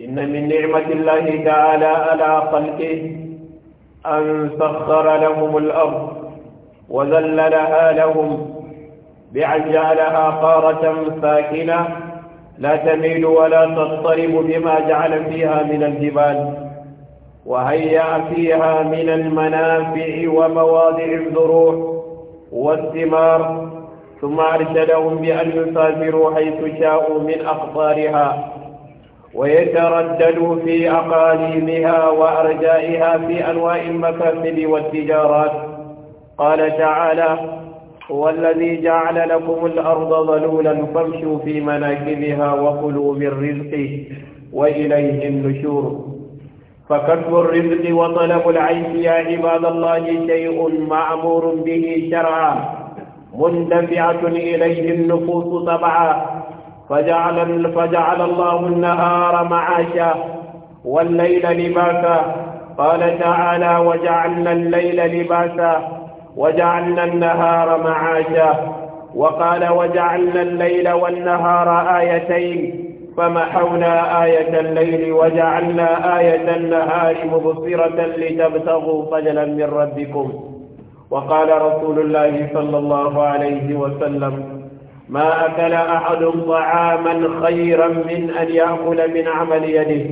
إن من نعمة الله تعالى على خلقه أن سخر لهم الأرض وذللها لهم بأن جعلها قارة ساكنة لا تميل ولا تضطرب بما جعل فيها من الجبال وهيأ فيها من المنافع ومواضع الزروع والثمار ثم أرشدهم بأن يسافروا حيث شاءوا من أقطارها ويترددوا في أقاليمها وأرجائها في أنواع المكاسب والتجارات قال تعالى هو الذي جعل لكم الأرض ظلولا فامشوا في مناكبها وكلوا من رزقه وإليه النشور فكسب الرزق وطلب العيش يا عباد الله شيء مأمور به شرعا مندفعة إليه النفوس طبعا فجعل, فجعل الله النهار معاشا والليل لباسا قال تعالى وجعلنا الليل لباسا وجعلنا النهار معاشا وقال وجعلنا الليل والنهار آيتين فمحونا آية الليل وجعلنا آية النهار مبصرة لتبتغوا فجلا من ربكم وقال رسول الله صلى الله عليه وسلم ما أكل أحد طعاما خيرا من أن يأكل من عمل يده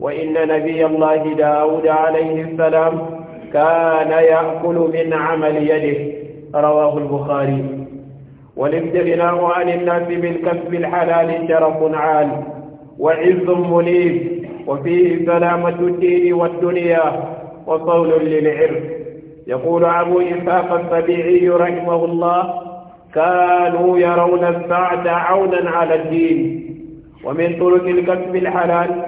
وإن نبي الله داود عليه السلام كان يأكل من عمل يده رواه البخاري والابتغناء عن الناس بالكسب الحلال شرف عال وعز منيب وفيه سلامة الدين والدنيا وقول للعرف يقول أبو إسحاق السبيعي رحمه الله كانوا يرون السعة عونا على الدين ومن طرق الكسب الحلال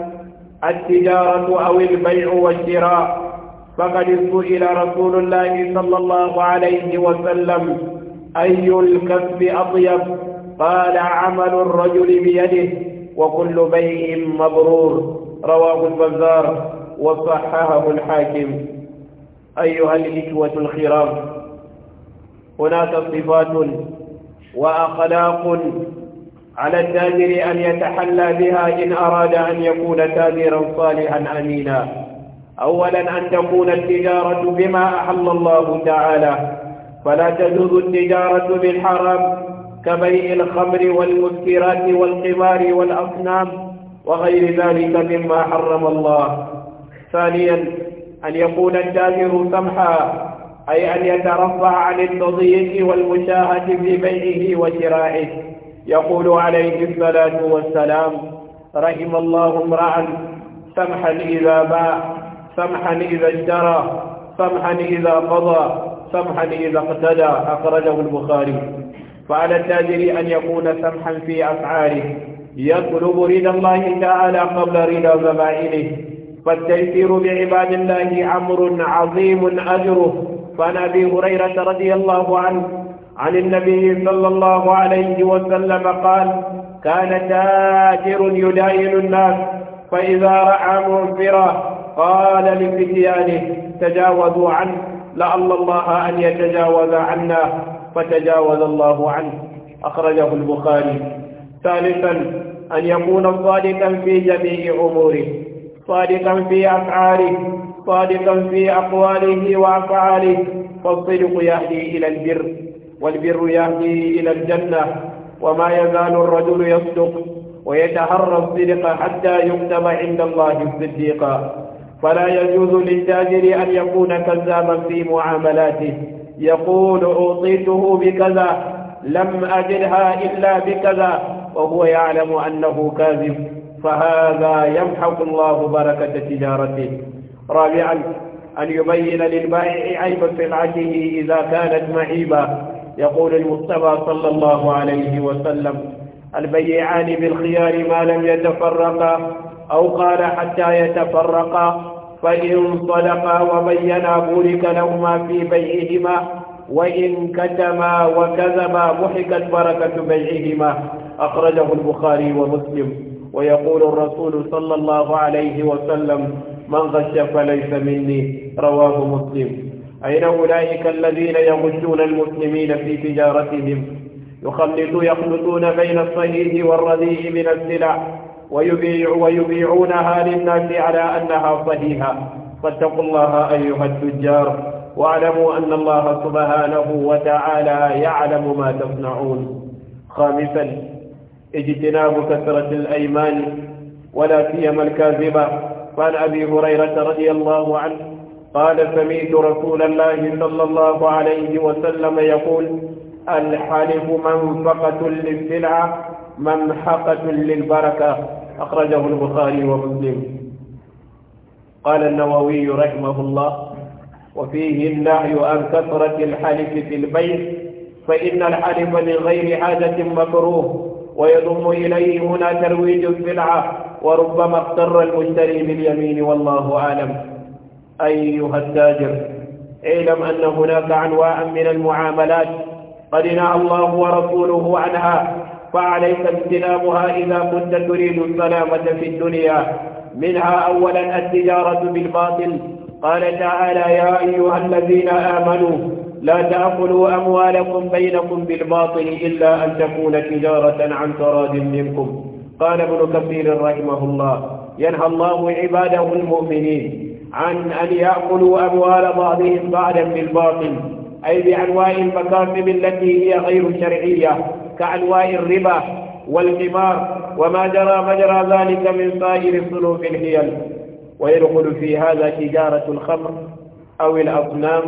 التجارة أو البيع والشراء فقد سئل رسول الله صلى الله عليه وسلم أي الكسب أطيب قال عمل الرجل بيده وكل بيع مبرور رواه البزار وصححه الحاكم أيها الإخوة الخرام هناك صفات وأخلاق على التاجر أن يتحلى بها إن أراد أن يكون تاجرا صالحا أمينا أولا أن تكون التجارة بما أحل الله تعالى فلا تجوز التجارة بالحرام كبيع الخمر والمسكرات والقمار والأصنام وغير ذلك مما حرم الله ثانيا أن يكون التاجر سمحا أي أن يترفع عن التضييق والمشاهة في بيعه وشرائه يقول عليه الصلاة والسلام رحم الله امرأ سمحا إذا باع سمحا إذا اشترى سمحا إذا قضى سمحا إذا اقتدى أخرجه البخاري فعلى التاجر أن يكون سمحا في أفعاله يطلب رضا الله تعالى قبل رضا زبائنه فالتيسير بعباد الله أمر عظيم أجره فعن أبي هريرة رضي الله عنه عن النبي صلى الله عليه وسلم قال كان تاجر يداين الناس فإذا رأى منفرا قال لفتيانه تجاوزوا عنه لعل الله أن يتجاوز عنا فتجاوز الله عنه أخرجه البخاري ثالثا أن يكون صادقا في جميع أموره صادقا في أفعاله صادقا في أقواله وأفعاله فالصدق يهدي إلى البر والبر يهدي إلى الجنة وما يزال الرجل يصدق ويتهرى الصدق حتى يكتب عند الله صديقا فلا يجوز للتاجر أن يكون كذابا في معاملاته يقول أوصيته بكذا لم أجدها إلا بكذا وهو يعلم أنه كاذب فهذا يمحق الله بركة تجارته رابعا أن يبين للبائع عيب سلعته إذا كانت معيبة يقول المصطفى صلى الله عليه وسلم البيعان بالخيار ما لم يتفرقا أو قال حتى يتفرقا فإن صدقا وبينا بورك لهما في بيعهما وإن كتما وكذبا محكت بركة بيعهما أخرجه البخاري ومسلم ويقول الرسول صلى الله عليه وسلم من غش فليس مني رواه مسلم أين أولئك الذين يغشون المسلمين في تجارتهم يخلط يخلطون بين الصحيح والرديء من السلع ويبيع ويبيعونها للناس على أنها صحيحة فاتقوا الله أيها التجار واعلموا أن الله سبحانه وتعالى يعلم ما تصنعون خامسا اجتناب كثرة الأيمان ولا سيما الكاذبة قال أبي هريرة رضي الله عنه قال سميت رسول الله صلى الله عليه وسلم يقول الحلف منفقة للسلعة ممحقة للبركة أخرجه البخاري ومسلم قال النووي رحمه الله وفيه النهي عن كثرة الحلف في البيت فإن الحلف لغير حاجة مكروه ويضم إليه هنا ترويج السلعة وربما اقتر المشتري باليمين والله أعلم أيها التاجر اعلم أن هناك أنواع من المعاملات قد نهى الله ورسوله عنها فعليك اجتنابها إذا كنت تريد السلامة في الدنيا منها أولا التجارة بالباطل قال تعالى يا أيها الذين آمنوا لا تأكلوا أموالكم بينكم بالباطل إلا أن تكون تجارة عن تراد منكم قال ابن كثير رحمه الله ينهى الله عباده المؤمنين عن أن يأكلوا أموال بعضهم بعدا بالباطل أي بأنواع المكاسب التي هي غير شرعية كأنواع الربا والقمار وما جرى مجرى ذلك من سائر صنوف الحيل ويدخل في هذا تجارة الخمر أو الأصنام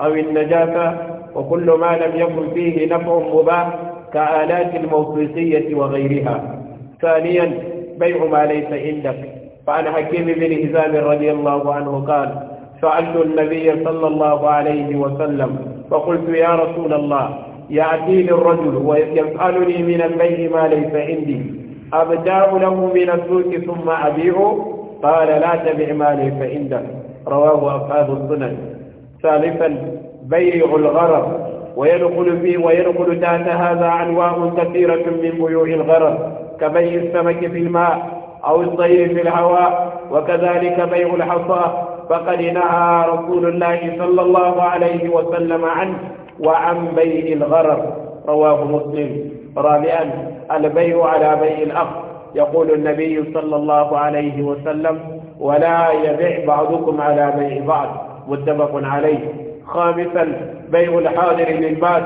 أو النجاسة وكل ما لم يكن فيه نفع مباح كآلات الموسيقية وغيرها ثانيا بيع ما ليس عندك فعن حكيم بن هزام رضي الله عنه قال سألت النبي صلى الله عليه وسلم فقلت يا رسول الله يأتيني الرجل ويسألني من البيع ما ليس عندي أبدأ له من السوق ثم أبيعه قال لا تبع ما ليس عندك رواه أصحاب السنن ثالثا بيع الغرض وينقل فيه وينقل تحت هذا أنواع كثيرة من بيوع الغرض كبيع السمك في الماء أو الطير في الهواء وكذلك بيع الحصى فقد نهى رسول الله صلى الله عليه وسلم عنه وعن بيع الغرر رواه مسلم رابعا البيع على بيع الأخ يقول النبي صلى الله عليه وسلم ولا يبيع بعضكم على بيع بعض متفق عليه خامسا بيع الحاضر للباس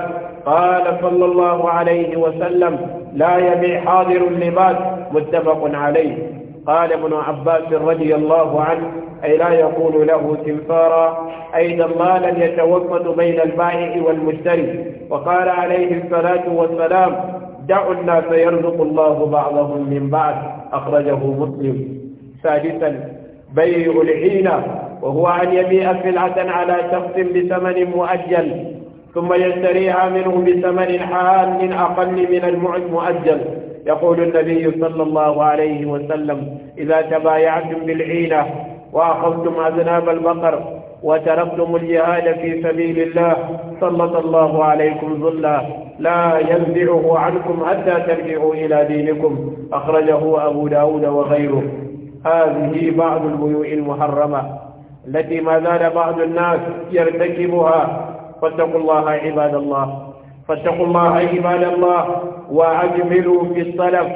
قال صلى الله عليه وسلم لا يبيع حاضر لباس متفق عليه قال ابن عباس رضي الله عنه أي لا يقول له سمسارا أيضا مالا يتوسط بين البائع والمشتري وقال عليه الصلاة والسلام دعوا الناس يرزق الله بعضهم من بعد أخرجه مسلم سادسا بيع الحين وهو أن يبيع سلعة على شخص بثمن مؤجل ثم يشتريها منه بثمن حال أقل من المؤجل يقول النبي صلى الله عليه وسلم إذا تبايعتم بالحيلة وأخذتم أذناب البقر وتركتم الجهاد في سبيل الله سلط الله عليكم ظلا لا ينزعه عنكم حتى ترجعوا إلى دينكم أخرجه أبو داود وغيره هذه بعض البيوع المحرمة التي ما زال بعض الناس يرتكبها فاتقوا الله عباد الله فاتقوا الله عباد الله وأجملوا في الصلف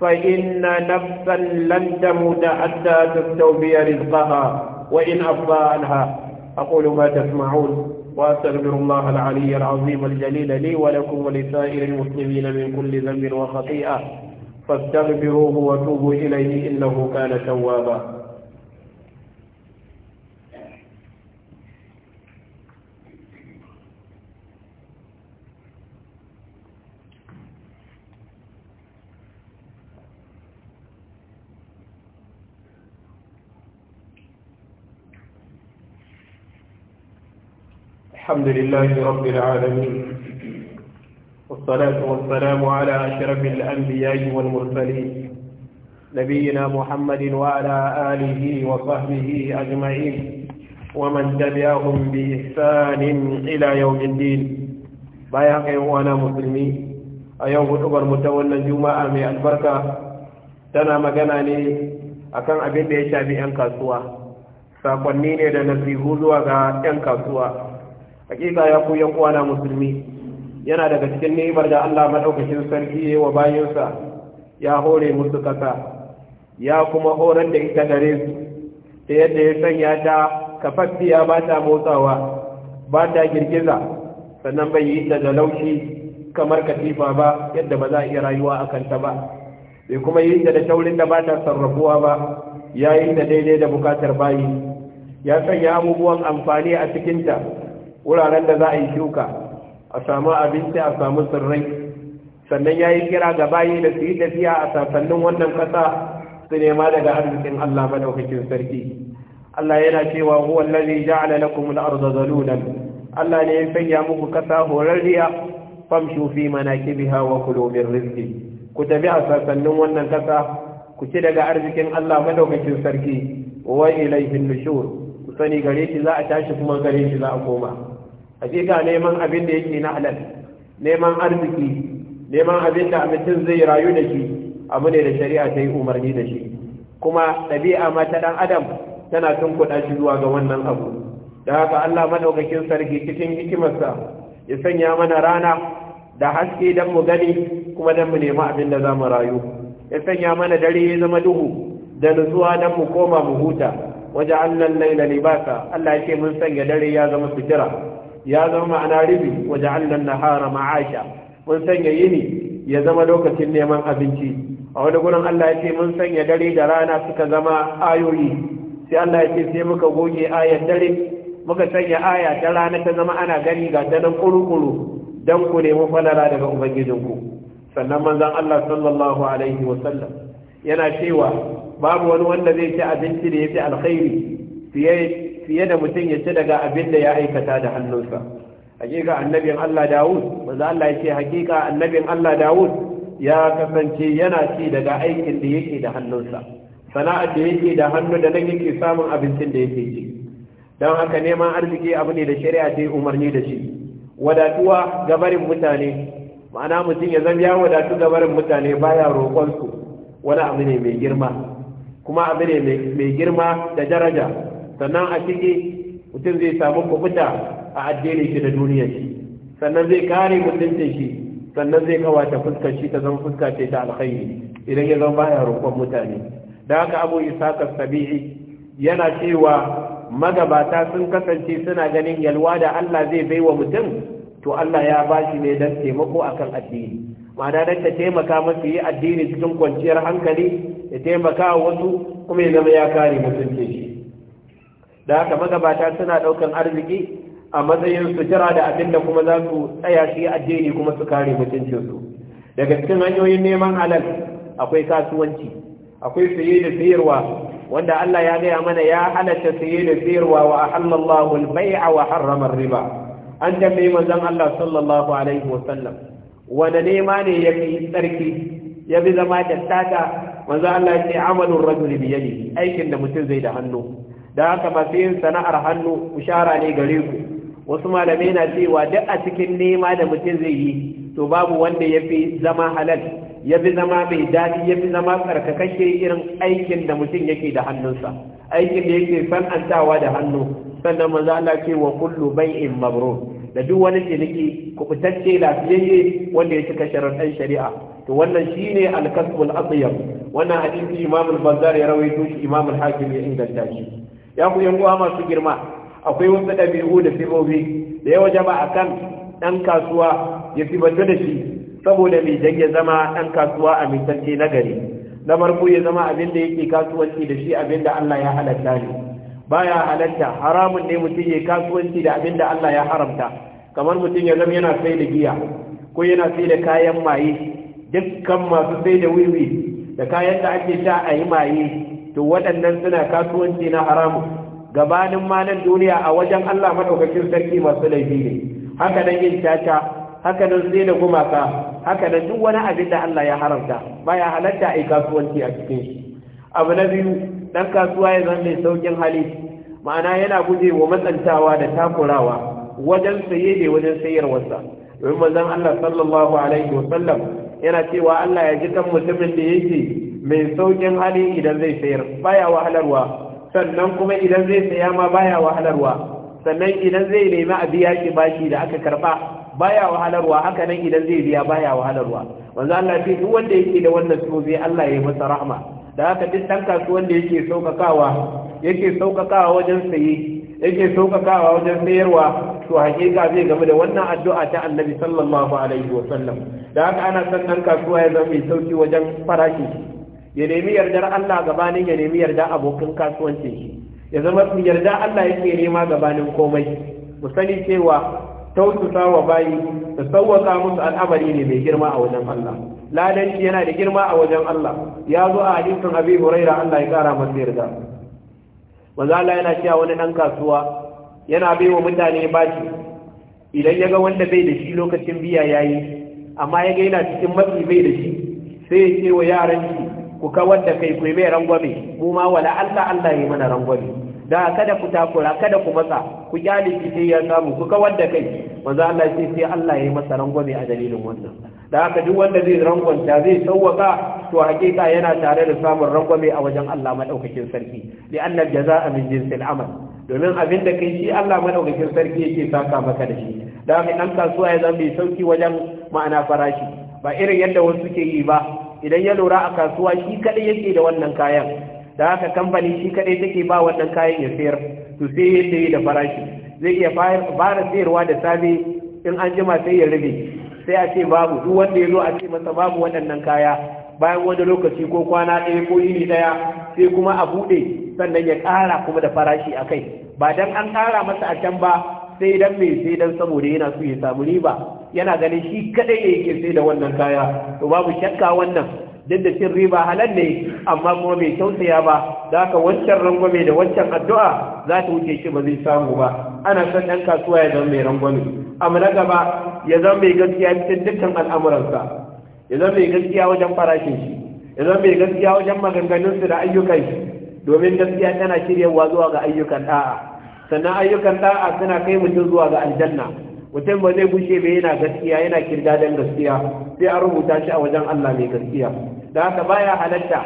فإن نفسا لن تموت حتى تستوفي رزقها وإن أفضى عنها أقول ما تسمعون وأستغفر الله العلي العظيم الجليل لي ولكم ولسائر المسلمين من كل ذنب وخطيئة فاستغفروه وتوبوا إليه إنه كان توابا الحمد لله رب العالمين والصلاة والسلام على أشرف الأنبياء والمرسلين نبينا محمد وعلى آله وصحبه أجمعين ومن تبعهم بإحسان إلى يوم الدين بايحقي وأنا مسلمي أيوم أكبر متولى جمعة من البركة تنا مجناني akan abin da ya shafi 'yan kasuwa sakonni ne da nasihu zuwa ga 'yan kasuwa hakika ya ku 'yan uwana musulmi yana daga cikin ni'imar da Allah madaukakin sarki yayi wa bayinsa ya hore musu kasa ya kuma horar da ita gare su ta yadda ya sanya ta kafaffiya ba ta motsawa ba ta girgiza sannan bai yi ta da laushi kamar katifa ba yadda ba za a iya rayuwa a kanta ba bai kuma yi ta da taurin da ba ta sarrafuwa ba ya yi ta daidai da bukatar bayi ya sanya abubuwan amfani a cikinta wuraren da za a yi shuka a samu abinci a samu tsirrai sannan ya yi kira ga bayi da su yi tafiya a sasannin wannan ƙasa su nema daga arzikin Allah madaukakin sarki Allah yana cewa huwa allazi ja'ala lakum al-ardha zalulan Allah ne ya sanya muku ƙasa horarriya famshu fi manakibiha wa kulu min rizqi ku tafi a sasannin wannan ƙasa ku ci daga arzikin Allah madaukakin sarki wa ilayhi an-nushur ku sani gare shi za a tashi kuma gare shi za a koma ashe ga neman abin da yake na halal neman arziki neman abin da mutum zai rayu da shi abu ne da shari'a ta yi umarni da shi kuma ɗabi'a ma ta ɗan adam tana tun kuɗa shi zuwa ga wannan abu da haka Allah madaukakin sarki cikin hikimarsa ya sanya mana rana da haske don mu gani kuma don mu nemi abin da za mu rayu ya sanya mana dare ya zama duhu da nutsuwa don mu koma mu huta wajen annan laila libasa Allah ya ce mun sanya dare ya zama sutura ya zama ma'ana ribi wa na nahara ma'asha mun sanya yini ya zama lokacin neman abinci a wani gurin Allah ya ce mun sanya dare da rana suka zama ayoyi sai Allah ya ce sai muka goge ayar dare muka sanya aya ta rana ta zama ana gani ga ta nan kurukuru dan ku nemi falara daga ubangijinku sannan manzan Allah sallallahu alaihi Wasallam yana cewa babu wani wanda zai ci abinci da yafi alkhairi fiye fiye da mutum ya ci daga abin da ya aikata da hannunsa hakika annabin Allah Dawud maza Allah ya ce hakika annabin Allah Dawud ya kasance yana ci daga aikin da yake da hannunsa sana'ar da yake da hannu da nan yake samun abincin da yake ci don haka neman arziki abu ne da shari'a ta yi umarni da shi wadatuwa gabarin mutane ma'ana mutum ya zama ya wadatu gabarin mutane baya roƙonsu wani abu ne mai girma kuma abu ne mai girma da daraja sannan a ciki mutum zai samu kubuta a addini shi da duniya shi sannan zai kare mutuncin shi sannan zai kawata fuskar shi ta zama fuska ce ta alkhairi idan ya zama baya rukun mutane da haka abu isaka sabihi yana cewa magabata sun kasance suna ganin yalwa da Allah zai bai wa mutum to Allah ya bashi ne don taimako akan addini ma'ana don ta taimaka masa yi addini cikin kwanciyar hankali ya taimaka wasu kuma ya zama ya kare mutunce shi da haka magabata suna ɗaukar arziki a matsayin su jira da abin da kuma za su tsaya shi addini kuma su kare mutuncinsu daga cikin hanyoyin neman halal akwai kasuwanci akwai saye da sayarwa wanda Allah ya gaya mana ya halatta saye da sayarwa wa ahallallahu al-bai'a wa harrama riba an tafi manzon Allah sallallahu alaihi wasallam wanda nema ne yafi tsarki yafi zama da tsada manzon Allah ya ce amalur rajuli bi yadihi aikin da mutum zai da hannu da haka masu yin sana'ar hannu kushara ne gare ku wasu malamai na cewa duk a cikin nema da mutum zai yi to babu wanda ya fi zama halal ya fi zama mai daɗi ya fi zama tsarkakashe irin aikin da mutum yake da hannunsa aikin da yake san'antawa da hannu sannan maza Allah ce wa kullu bai'in mabrur da duk wani ciniki kubutacce lafiyayye wanda ya cika sharaɗan shari'a to wannan shine al-kasbul atyab wannan hadisi imamul al-bazzar ya rawaito shi imamul hakim ya inganta shi ya ku yan uwa masu girma akwai wasu ɗabi'u da sibobi da yawa jama'a kan ɗan kasuwa ya bata da shi saboda mai dan ya zama ɗan kasuwa a mintance na gari na farko ya zama abin da yake kasuwanci da shi abin da Allah ya halatta ne baya halatta haramun ne mutum ya kasuwanci da abin da Allah ya haramta kamar mutum ya zama yana sai da giya ko yana sai da kayan maye dukkan masu sai da wiwi da kayan da ake sha a yi maye to waɗannan suna kasuwanci na haramu. gabanin malan duniya a wajen Allah madaukakin sarki masu laifi ne haka nan yin caca haka nan sai da gumaka haka nan duk wani abin da Allah ya haramta baya halatta ai kasuwanci a cikin shi abu na biyu ɗan kasuwa ya zama mai saukin hali ma'ana yana guje wa matsantawa da takurawa wajen saye da wajen sayarwarsa domin manzon Allah sallallahu alaihi wa sallam yana cewa Allah ya ji kan mutumin da yake mai saukin hali idan zai sayar baya wahalarwa sannan kuma idan zai saya ma baya wahalarwa sannan idan zai nemi a biya shi bashi da aka karba baya wahalarwa haka nan idan zai biya baya wahalarwa manzo Allah ce duk wanda yake da wannan sobe Allah ya yi masa rahma da haka duk dan kasuwan da yake saukakawa yake saukakawa wajen saye yake saukakawa wajen mayarwa to hakika zai game da wannan addu'a ta annabi sallallahu alaihi wa sallam da haka ana son kasuwa ya zama mai sauki wajen farashi ya nemi yardar Allah gabanin ya nemi yarda abokin kasuwancin shi ya zama yarda Allah yake nema gabanin komai mu sani cewa tausasa wa bayi da sauwaka musu al'amari ne mai girma a wajen Allah ladanci yana da girma a wajen Allah ya zo a hadisin abi huraira Allah ya kara masa yarda manzo Allah yana cewa wani dan kasuwa yana bai wa mutane bashi idan ya ga wanda bai da shi lokacin biya yayi amma ya ga yana cikin matsi bai da shi sai ya ce wa yaran shi ku kawar da kai ku mai rangwame mu ma wala Allah Allah ya mana rangwame da kada ku takura kada ku matsa ku kyale shi sai ya samu ku kawar da kai manzo Allah sai sai Allah ya yi masa rangwame a dalilin wannan da aka duk wanda zai rangwanta zai sauwaka to hakika yana tare da samun rangwame a wajen Allah madaukakin sarki li anna jazaa min jinsil amal domin abin da kai shi Allah madaukakin sarki yake saka maka da shi da haka dan kasuwa ya zama mai sauki wajen ma'ana farashi ba irin yadda wasu suke yi ba idan ya lura a kasuwa shi kadai yake da wannan kayan da haka kamfani shi kadai take ba wannan kayan ya sayar to sai ya sayi da farashi zai iya fara sayarwa da safe in an jima sai ya rube sai a ce babu duk wanda ya zo a ce masa babu waɗannan kaya bayan wani lokaci ko kwana ɗaya ko yini ɗaya sai kuma a buɗe sannan ya ƙara kuma da farashi a kai ba dan an ƙara masa a can ba sai dan mai sai dan saboda yana so ya samu riba yana ganin shi kaɗai ne yake sai da wannan kaya to babu shakka wannan duk da cin riba halal ne amma kuma bai tausaya ba da haka wancan rangwame da wancan addu'a za ta wuce shi ba zai samu ba ana son ɗan kasuwa ya zama mai rangwame abu na gaba ya zama mai gaskiya cikin dukkan al'amuransa ya zama mai gaskiya wajen farashin shi ya zama mai gaskiya wajen maganganunsu da ayyukan shi domin gaskiya tana shiryawa zuwa ga ayyukan da'a sannan ayyukan da'a suna kai mutum zuwa ga aljanna mutum ba zai bushe ba yana gaskiya yana kirga dan gaskiya sai an rubuta shi a wajen Allah mai gaskiya da haka baya halatta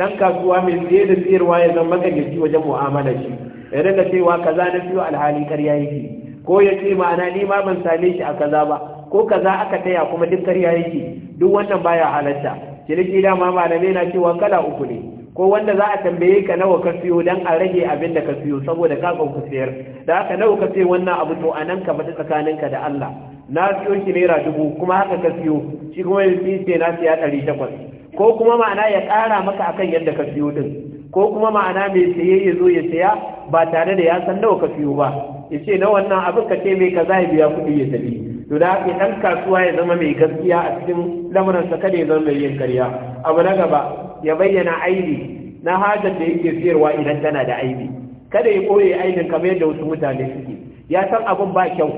dan kasuwa mai siye da siyarwa ya zama magagaci wajen mu'amalar shi ya daga cewa kaza na siyo alhali karya yake ko ya ce ma'ana ni ma ban same shi a kaza ba ko kaza aka taya kuma duk karya yake duk wannan baya halatta ciniki ma malamai na cewa kala uku ne ko wanda za a tambaye ka nawa ka siyo dan a rage abin da ka siyo saboda ka ku siyar da haka nawa ka siyo wannan abu to anan ka tsakanin tsakaninka da Allah na siyo shi naira dubu kuma haka ka siyo shi kuma ya fi na siya ɗari takwas ko kuma ma'ana ya ƙara maka akan yadda ka siyo din ko kuma ma'ana mai saye ya zo ya siya? ba tare da ya san nawa ka siyo ba ya ce na wannan abin ka ce mai ka za biya kuɗi ya tafi to da haka ɗan kasuwa ya zama mai gaskiya a cikin lamuransa kada ya zama mai yin karya abu na gaba ya bayyana aibi na hajar da yake siyarwa idan tana da aibi kada ya koye aibin kamar yadda wasu mutane suke ya san abin ba kyau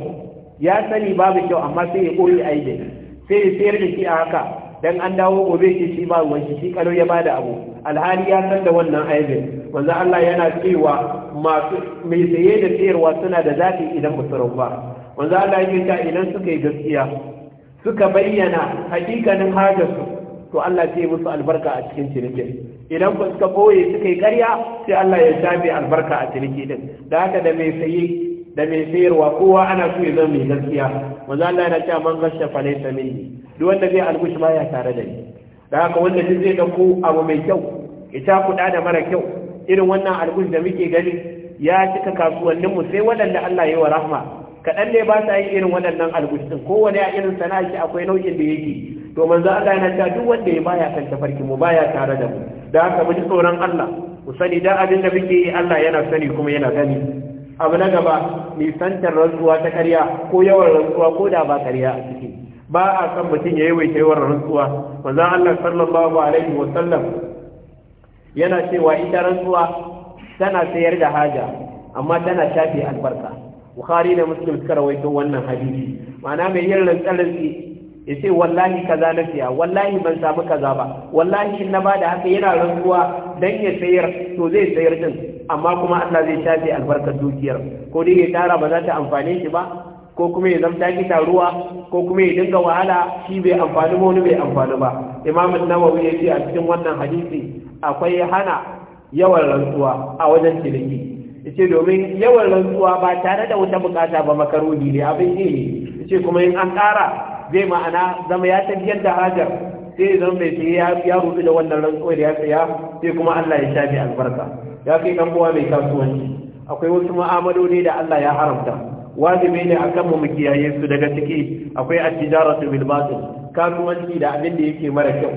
ya sani babu kyau amma sai ya koye aibin sai ya sayar da shi a haka dan an dawo gobe shi ba ruwan shi shi kalo ya bada abu alhali ya san da wannan aibin manzo Allah yana cewa masu mai saye da sayarwa suna da zafi idan ba su ba manzo Allah yake ta idan suka yi gaskiya suka bayyana hakikanin hajarsu to Allah ce musu albarka a cikin cinikin idan ba suka boye suka yi ƙarya sai Allah ya shafe albarka a ciniki din da haka da mai saye da mai sayarwa kowa ana so ya zama mai gaskiya manzo Allah yana cewa man gasha fa laysa minni duk wanda zai algush baya tare da ni da haka wanda duk zai dauko abu mai kyau ya ta kuɗa da mara kyau irin wannan albus da muke gani ya cika kasuwannin mu sai waɗanda Allah ya wa rahma kaɗan ne ba sa yin irin waɗannan albus din kowane a irin sana'a shi akwai nau'in da yake to manzo Allah yana cewa duk wanda ya baya kan tafarki mu baya tare da mu da haka mu ji tsoron Allah ku sani da abin da muke yi Allah yana sani kuma yana gani abu na gaba nisantar rantsuwa ta karya ko yawan rantsuwa ko da ba karya a ciki ba a san mutum ya ta yawan rantsuwa manzo Allah sallallahu alaihi wa sallam yana cewa ita rantsuwa tana sayar da haja amma tana tafi albarka bukhari da muslim suka rawaito wannan hadisi ma'ana mai yin rantsaransi ya ce wallahi kaza na siya wallahi ban samu kaza ba wallahi in na bada haka yana rantsuwa dan ya sayar to zai sayar din amma kuma Allah zai tafi albarkar dukiyar ko dai ya tara ba za ta amfane shi ba ko kuma ya zamta ki taruwa ko kuma ya dinga wahala shi bai amfani ba wani bai amfani ba imam nawawi ya ce a cikin wannan hadisi akwai hana yawan rantsuwa a wajen ciniki yace domin yawan rantsuwa ba tare da wata bukata ba makaroni ne abin ne yace kuma in an kara zai ma'ana zama ya tafiyar da hajar sai zan bai sai ya rubu da wannan rantsuwa da ya tsaya sai kuma Allah ya shafi albarka ya kai dan uwa mai kasuwanci akwai wasu mu'amaloli da Allah ya haramta wajibi ne a mu mu kiyaye su daga ciki akwai at-tijaratu bil batil kasuwanci da abin da yake mara kyau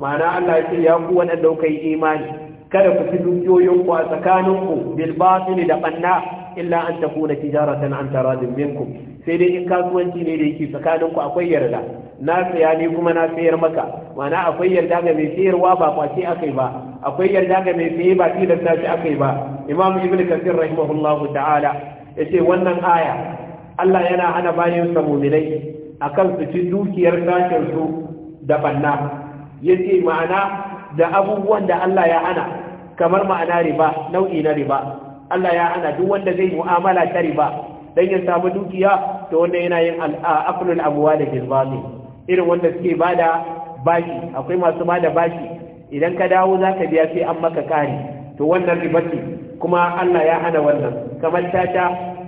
ma'ana Allah ya ce ya ku waɗanda kuka yi imani kada ku fi dukiyoyinku a tsakaninku bil batil da banna illa an takuna tijaratan an taradin minkum sai dai in kasuwanci ne da yake tsakaninku akwai yarda na saya ne kuma na sayar maka ma'ana akwai yarda ga mai sayarwa ba kwace akai ba akwai yarda ga mai saye ba tilasta shi akai ba imam ibnu kasir rahimahullahu ta'ala yace wannan aya Allah yana hana bayan sa mu'minai akan su ci dukiyar sashen su da banna yake ma'ana da abubuwan da Allah ya hana kamar ma'ana riba nau'i na riba Allah ya hana duk wanda zai mu'amala ta riba dan ya samu dukiya to wanda yana yin al'aqlul amwali bil batil irin wanda suke bada bashi akwai masu bada bashi idan ka dawo zaka biya sai an maka kari to wannan riba ce kuma Allah ya hana wannan kamar tata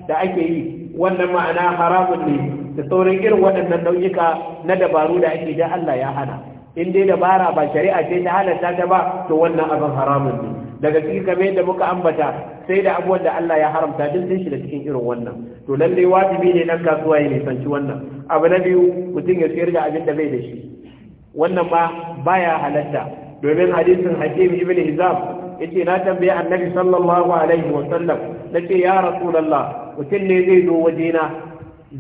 da ake yi wannan ma'ana haramun ne da sauran irin waɗannan nau'ika na dabaru da ake da Allah ya hana in dai dabara ba shari'a ce ta halatta ta ba to wannan abin haramun ne daga cikin kamar yadda muka ambata sai da abubuwan da Allah ya haramta duk sun shiga cikin irin wannan to lalle wajibi ne nan kasuwa ya nisanci wannan abu na biyu mutum ya sayar da abin da bai da shi wannan ba baya halatta domin hadisin hakim ibn hizam yace na tambaye annabi sallallahu alaihi wa sallam nace ya rasulullah mutum ne zai zo wajena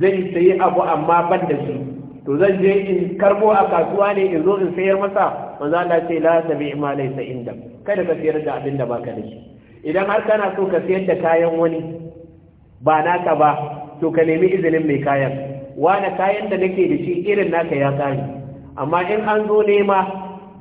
zai sayi abu amma ban da shi to zan je in karbo a kasuwa ne in zo in sayar masa manzo Allah ce la tabi ma laysa inda kada ka sayar da abin da baka da shi idan har kana so ka sayar da kayan wani ba naka ba to ka nemi izinin mai kayan wani kayan da nake da shi irin naka ya kare amma in an zo nema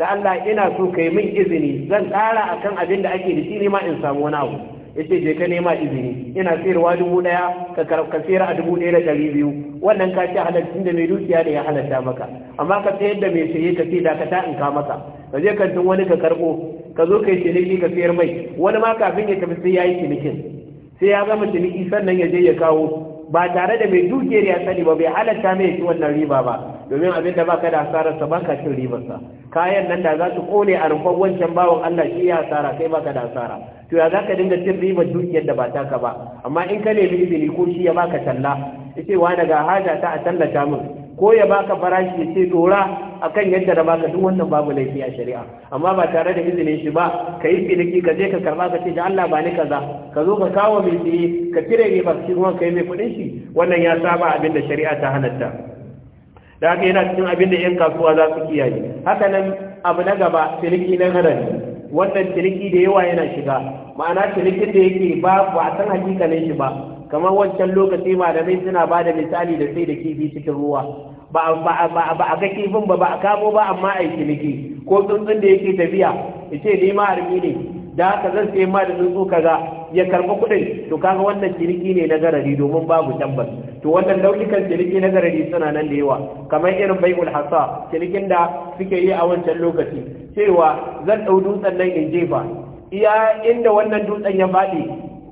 da Allah ina so kai min izini zan tsara akan abin da ake da shi nema in samu wani abu ya ce je ka nema izini ina sayarwa dubu ɗaya ka sayar a dubu ɗaya da ɗari biyu wannan ka ce halattun da mai dukiya da ya halatta maka amma ka sayar da mai saye ka ce dakata in ka maka ka je kantin wani ka karɓo ka zo kai ciniki ka sayar mai wani ma kafin ya tafi sai ya yi cinikin sai ya gama ciniki sannan ya je ya kawo ba tare da mai dukiyar ya sani ba bai halatta mai ci wannan riba ba domin abin da baka da hasararsa baka cin ribarsa kayan nan da za su kone a rumfar wancan bawan Allah shi ya hasara kai baka da hasara to ya zaka dinga cin ribar dukiyar da ba ka ba amma in ka nemi izini ko shi ya baka talla yace wa daga haja ta a tallata min ko ya baka farashi ya ce dora akan yadda da baka duk wannan babu laifi a shari'a amma ba tare da izinin shi ba ka yi ciniki ka je ka karba ka ce da Allah ba ni kaza ka zo ka kawo mai tsaye ka cire ne ba shi kuma ka yi mai kuɗin shi wannan ya saba abin da shari'a ta halatta da haka yana cikin abin da 'yan kasuwa za su kiyaye haka nan abu na gaba ciniki na harari wannan ciniki da yawa yana shiga ma'ana cinikin da yake ba ba san hakikanin shi ba kamar wancan lokaci malamai suna ba da misali da sai da kifi cikin ruwa ba a ga kifin ba ba a kamo ba amma a yi ciniki ko tsuntsun da yake tafiya ya ce ni ma armi ne da haka zan sai ma da tsuntsu kaza ya karɓi kuɗin to kaga wannan ciniki ne na garari domin babu tabbas to wannan laukikan ciniki na garari suna nan da yawa kamar irin bai'ul hasa cinikin da suke yi a wancan lokaci cewa zan ɗau dutsen nan in jefa iya inda wannan dutsen ya faɗi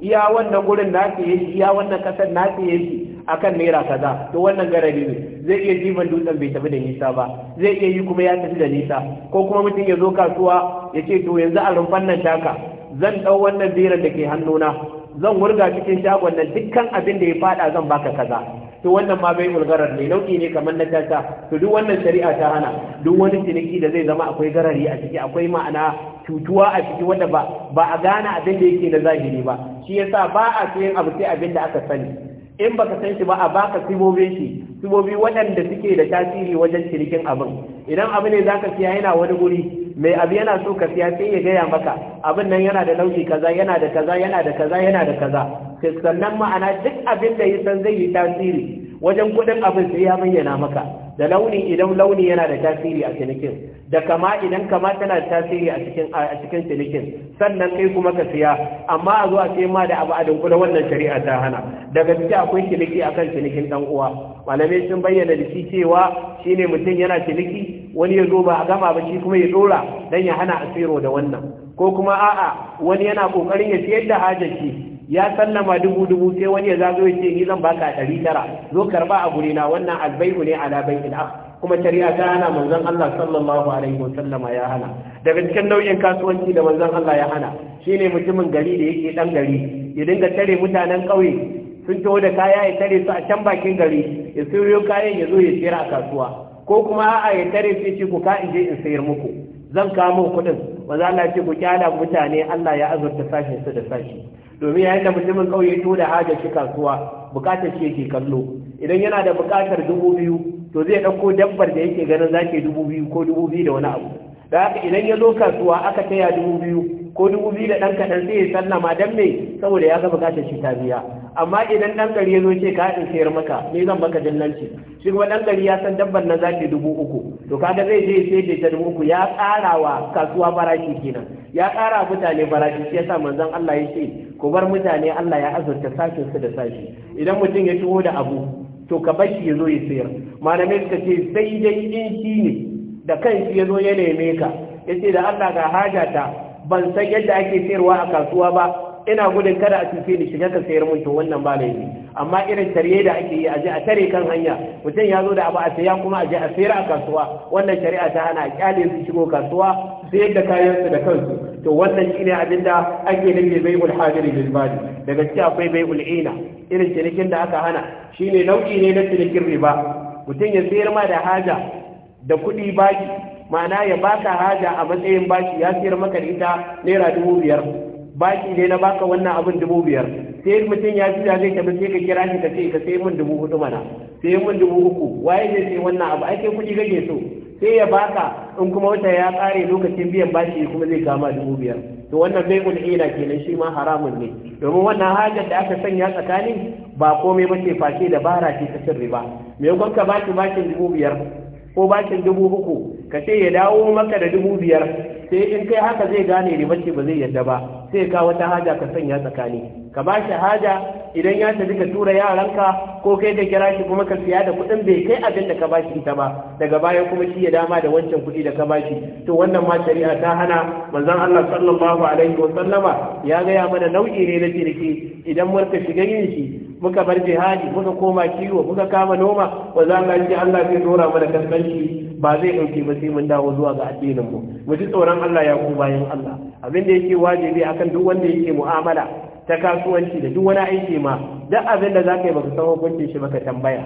iya wannan gurin na ke. iya wannan ƙasar na shi akan naira kaza to wannan garari ne zai iya jiban dutsen bai tafi da nisa ba zai iya yi kuma ya tafi da nisa ko kuma mutum ya zo kasuwa ya ce to yanzu a rumfan nan taka zan ɗau wannan biran da ke hannuna zan wurga cikin shagon nan dukkan abin da ya faɗa zan baka kaza to wannan ma bai ulgarar ne nauki ne kamar na tata to duk wannan shari'a ta hana duk wani ciniki da zai zama akwai garari a ciki akwai ma'ana cutuwa a ciki wanda ba ba a gane abin da yake na zahiri ba shi yasa ba a sayan abu sai abin da aka sani in baka san shi ba a baka sibobin shi sibobi waɗanda suke da tasiri wajen cinikin abin idan abu ne zaka siya yana wani guri mai abu yana so ka siya sai ya gaya maka abin nan yana da nauyi kaza yana da kaza yana da kaza yana da kaza sannan ma'ana duk abin da ya san zai yi tasiri wajen kudin abin sai ya bayyana maka da launi idan launi yana da tasiri a cinikin da kama idan kama tana da tasiri a cikin a cikin cinikin sannan kai kuma ka siya amma a zo a sai ma da abu a dinkula wannan shari'a ta hana daga ciki akwai ciniki akan cinikin dan uwa malamai sun bayyana da shi cewa shine mutum yana ciniki wani ya zo ba a gama ba shi kuma ya dora dan ya hana asiro da wannan ko kuma a'a wani yana kokarin ya siyar da hajar shi ya sallama dubu dubu sai wani ya zazo ya ce ni zan baka ɗari tara zo karba a guri na wannan albai'u ne ala ina. akh kuma shari'a ta hana manzon Allah sallallahu alaihi wasallama ya hana daga cikin nau'in kasuwanci da manzon Allah ya hana shine mutumin gari da yake dan gari ya dinga tare mutanen ƙauye sun taho da kaya ya tare su a can bakin gari ya siyo kayan ya zo ya sayar a kasuwa ko kuma a'a ya tare su ce ku ka in je in sayar muku zan kawo muku kuɗin maza Allah ce ku kyala mutane Allah ya azurta sashin su da sashi domin yayin da mutumin ƙauye to da hajar shi kasuwa bukatar shi yake kallo idan yana da bukatar dubu biyu to zai ɗauko dabbar da yake ganin zaki dubu biyu ko dubu biyu da wani abu da haka idan ya zo kasuwa aka taya dubu biyu ko dubu biyu da ɗan kaɗan sai ya sallama don me saboda ya gama bukatar shi ta biya amma idan ɗan gari ya zo ce ka haɗin sayar maka me zan baka dillanci shi kuma ɗan gari ya san dabbar na zaki dubu uku to kaga zai je sai da ta dubu uku ya ƙara wa kasuwa farashi kenan ya ƙara mutane farashi shi yasa manzon Allah ya ce ku bar mutane Allah ya azurta sashin su da sashi idan mutum ya tuwo da abu to ka bar shi ya zo ya sayar malamai suka ce sai dai in shi ne da shi ya zo ya neme ka ya ce da Allah ga ta. ban san yadda ake sayarwa a kasuwa ba ina gudun kada a cuce ni shiga ka sayar mun to wannan ba laifi amma irin tare da ake yi a je a tare kan hanya mutum ya zo da abu a saya kuma aje a sayar a kasuwa wannan shari'a ta hana a kyale su shigo kasuwa sayar da kayan su da kansu to wannan shine abin da ake nufi bai'ul hadiri bil badi daga cikin akwai bai'ul ina irin cinikin da aka hana shine nau'i ne na cinikin riba mutum ya sayar ma da haja da kuɗi baki ma'ana ya baka haja a matsayin baki ya siyar maka da ita naira dubu biyar baki ne na baka wannan abin dubu biyar sai mutum ya juya zai tafi sai ka kira shi ka ce ka sai mun dubu hudu mana sai mun dubu uku waye zai sai wannan abu ake kuɗi kake so sai ya baka in kuma wata ya ƙare lokacin biyan bashi kuma zai kama dubu biyar to wannan kun ina kenan shi ma haramun ne domin wannan hajar da aka sanya tsakanin ba komai ba ce face da bara ce ta cin riba me ka bashi bashin dubu biyar ko bakin dubu uku ka ce ya dawo maka da dubu biyar sai in kai haka zai gane da mace ba zai yadda ba sai ka wata haja ka sanya tsakani ka ba shi haja idan ya tafi ka tura yaranka ko kai ka kira shi kuma ka siya da kuɗin bai kai abin da ka ba shi ita ba daga baya kuma shi ya dama da wancan kuɗi da ka ba shi to wannan ma shari'a ta hana manzon Allah sallallahu alaihi wa sallama ya gaya mana nau'i ne na shirki idan muka shiga yin shi muka bar jihadi muka koma kiwo muka kama noma wa za ji Allah zai dora mana kasance ba zai ɗauke ba sai mun dawo zuwa ga addinin mu mu ji tsoron Allah ya ku bayan Allah abin da yake wajibi akan duk wanda yake mu'amala ta kasuwanci da duk wani aiki ma duk abin da zaka yi baka san hukuncin shi baka tambaya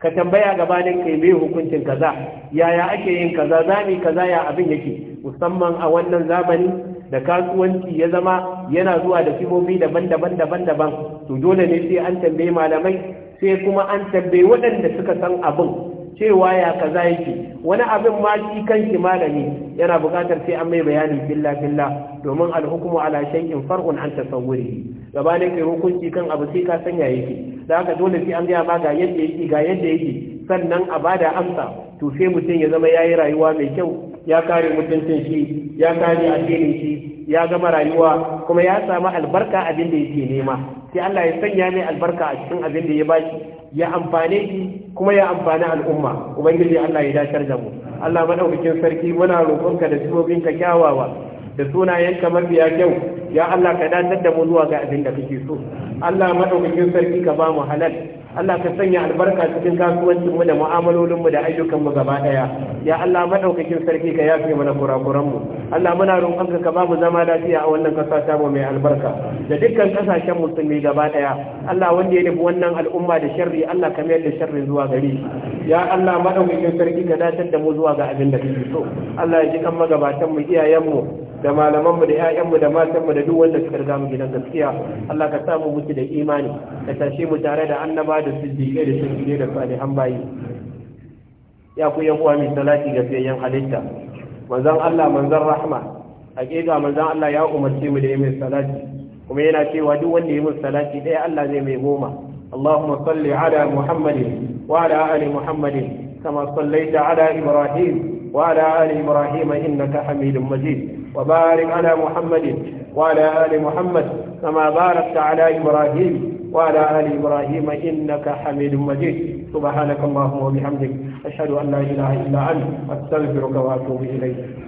ka tambaya gabanin kai me hukuncin kaza yaya ake yin kaza zami kaza ya abin yake musamman a wannan zamani da kasuwanci ya zama yana zuwa da sifofi daban-daban daban-daban to dole ne sai an tambaye malamai sai kuma an tambaye waɗanda suka san abin cewa ya kaza yake wani abin ma shi kanki malami yana buƙatar sai an mai bayanin billa billa domin alhukumu ala shay'in far'un an tasawwuri gabanin kai hukunci kan abu sai ka sanya yake da haka dole sai an ga ma ga yadda yake ga yadda yake sannan a bada amsa to sai mutum ya zama yayi rayuwa mai kyau ya kare mutuncin shi ya kare addinin shi ya gama rayuwa kuma ya samu albarka abin da yake nema sai Allah ya sanya mai albarka a cikin abin da ya bashi. ya amfane shi kuma ya amfani al'umma ubangiji Allah ya dashar da mu Allah madaukakin sarki muna roƙonka da ka kyawawa da sunayen sunayenka mafiya kyau ya Allah ka datar da mu zuwa ga abin da kake so Allah madaukakin sarki ka ba mu halal Allah ka sanya albarka cikin kasuwancinmu da mu'amalolinmu da ayyukanmu gaba ɗaya ya Allah madaukakin sarki ka yafe mana kurakuranmu Allah muna roƙonka ka ba zama lafiya a wannan ƙasa ta mu mai albarka da dukkan ƙasashen musulmi gaba ɗaya Allah wanda ya nufi wannan al'umma da sharri Allah ka mayar da sharri zuwa gari. shi ya Allah madaukakin sarki ka datar da mu zuwa ga abin da kake so Allah ya ji kan magabatan mu iyayen mu da malamanmu da 'ya'yanmu da matanmu da duk wanda suka riga mu gidan gaskiya Allah ka samu mutu da imani ka tashe mu tare da annaba da siddiqai da shahidai da salihan bayi ya ku yan uwa mai salati ga fiyayyen halitta manzon Allah manzon rahma hakika manzon Allah ya umarci mu da yi mai salati kuma yana cewa duk wanda ya yi mai salati ɗaya Allah zai mai goma Allahumma salli ala Muhammadin wa ala ali Muhammadin kama sallaita ala Ibrahim wa ala ali Ibrahim innaka Hamidum Majid وبارك على محمد وعلى آل محمد كما باركت على إبراهيم وعلى آل إبراهيم إنك حميد مجيد سبحانك اللهم وبحمدك أشهد أن لا إله إلا أنت أستغفرك وأتوب إليك